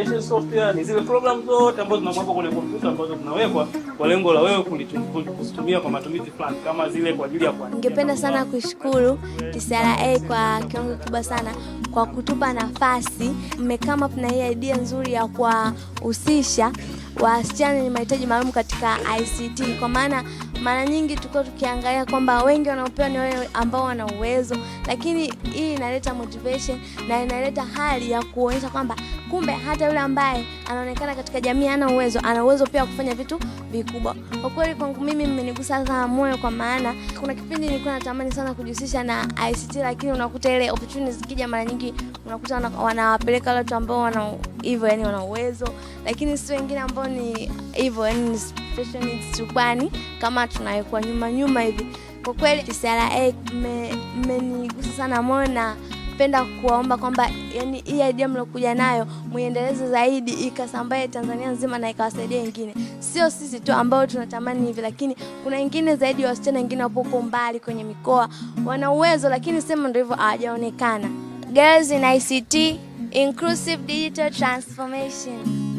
application software ni zile program zote ambazo zinakuwa kwenye kompyuta ambazo tunawekwa kwa lengo la wewe kuzitumia kwa matumizi fulani, kama zile kwa ajili ya kwa. Ningependa sana kuishukuru TCRA kwa kiwango kikubwa sana kwa kutupa nafasi. Mmekama na hii idea nzuri ya kuwahusisha wasichana wenye mahitaji maalum katika ICT kwa maana mara nyingi tulikuwa tukiangalia kwamba wengi wanaopewa ni wale ambao wana uwezo, lakini hii inaleta motivation na inaleta hali ya kuonyesha kwamba kumbe hata yule ambaye anaonekana katika jamii hana uwezo, ana uwezo pia wa kufanya vitu vikubwa. Kwa kweli kwangu mimi mmenigusa sana moyo, kwa maana kuna kipindi nilikuwa natamani sana kujihusisha na ICT, lakini unakuta ile opportunities zikija, mara nyingi unakuta wanawapeleka watu ambao wana hivyo, yani wana uwezo, lakini si wengine ambao ni hivyo yani special needs chukwani kama tunawekwa nyuma nyuma hivi. Kwa kweli TCRA eh, mmenigusa sana moyo na penda kuwaomba kwamba yani hii idea mliokuja nayo muiendeleze zaidi ikasambae Tanzania nzima na ikawasaidia wengine, sio sisi tu ambao tunatamani hivi, lakini kuna wengine zaidi ya wasichana wengine wapo huko mbali kwenye mikoa wana uwezo, lakini sema ndio hivyo hawajaonekana. Girls in ICT, inclusive digital transformation.